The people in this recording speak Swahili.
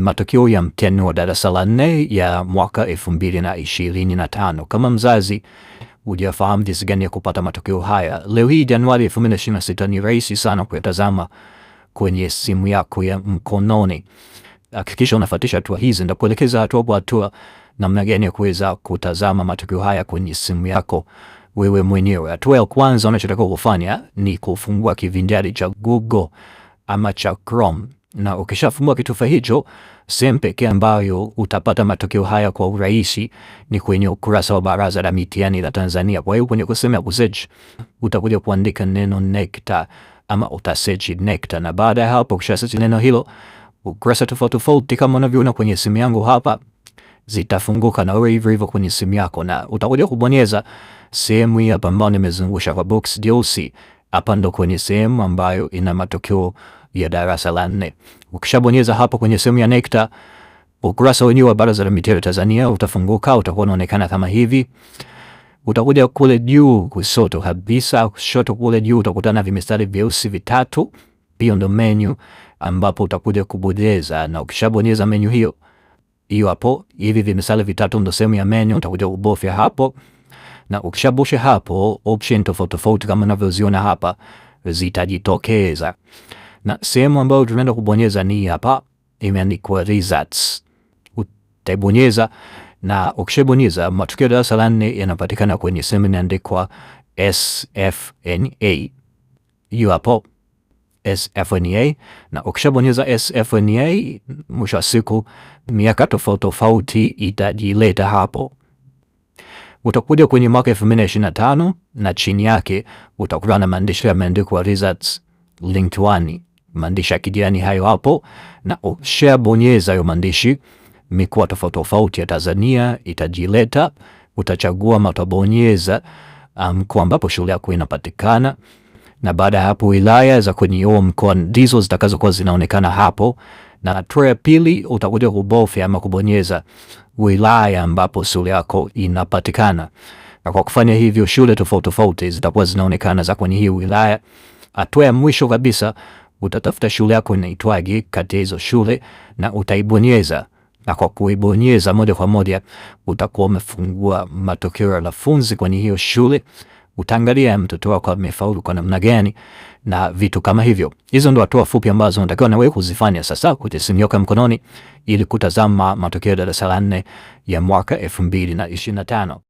matokeo ya mtihani wa darasa la nne ya mwaka elfu mbili na ishirini na tano. Kama mzazi hujafahamu jinsi gani ya kupata matokeo haya, leo hii Januari elfu mbili na ishirini na sita ni rahisi sana kuyatazama kwenye simu yako ya mkononi. Hakikisha unafuatisha hatua hizi, ndakuelekeza hatua kwa hatua namna gani ya kuweza kutazama matokeo haya kwenye simu yako wewe mwenyewe. Hatua ya kwanza unachotakiwa kufanya ni kufungua kivinjari cha Google ama cha Chrome na ukishafumua kitufe hicho, sehemu pekee ambayo utapata matokeo haya kwa urahisi ni kwenye ukurasa wa Baraza la Mitihani la Tanzania. Kwa hiyo kwenye sehemu ya kusearch utakuja kuandika neno NECTA ama utasearch NECTA, na baada ya hapo ukishasearch neno hilo, ukurasa tofauti tofauti kama unavyoona kwenye simu yangu hapa zitafunguka na wewe hivyo hivyo kwenye simu yako, na utakuja kubonyeza sehemu hii hapa ambayo nimezungusha kwa box jeusi hapa ndo kwenye sehemu ambayo ina matokeo ya darasa la nne. Ukishabonyeza hapo kwenye sehemu ya NECTA, ukurasa wenyewe wa Baraza la Mitihani Tanzania utafunguka, utakuwa unaonekana kama hivi. Utakuja kule juu kushoto kabisa, kushoto kule juu utakutana vimistari vyeusi vitatu, hiyo ndo menu ambapo utakuja kubonyeza, na ukishabonyeza menu hiyo hiyo hapo, hivi vimistari vitatu ndo sehemu ya menu, utakuja kubofya hapo na ukishabusha hapo, option tofauti tofauti kama unavyoziona hapa zitajitokeza, na sehemu ambayo tunaenda kubonyeza ni hapa, imeandikwa results. Utaibonyeza na ukishabonyeza, matukio ya darasa la nne yanapatikana kwenye sehemu inaandikwa SFNA. Hiyo hapo SFNA na ukishabonyeza SFNA, mwisho wa siku miaka tofauti tofauti itajileta hapo. Utakuja kwenye mwaka 2025 na chini yake utakuwa na maandishi yameandikwa results linked one, maandishi ya kijani hayo hapo, na bonyeza hayo maandishi. Mikoa tofauti tofauti ya Tanzania itajileta, utachagua matabonyeza um, mkoa um, ambapo shule yako inapatikana na baada ya hapo wilaya za kwenye huo mkoa ndizo zitakazokuwa zinaonekana hapo, na hatua ya pili utakuja kubofya ama kubonyeza wilaya ambapo shule yako inapatikana, na kwa kufanya hivyo shule tofauti tofauti zitakuwa zinaonekana za kwenye hii wilaya. Hatua ya mwisho kabisa utatafuta shule yako inaitwaje kati ya hizo shule na utaibonyeza, na kwa kuibonyeza moja kwa moja utakuwa umefungua matokeo ya wanafunzi kwenye hiyo shule utaangalia mtoto wako amefaulu kwa namna gani na vitu kama hivyo. Hizo ndo hatua fupi ambazo unatakiwa na wewe kuzifanya sasa kwenye simu yako ya mkononi ili kutazama matokeo ya darasa la nne ya mwaka elfu mbili na ishirini na tano.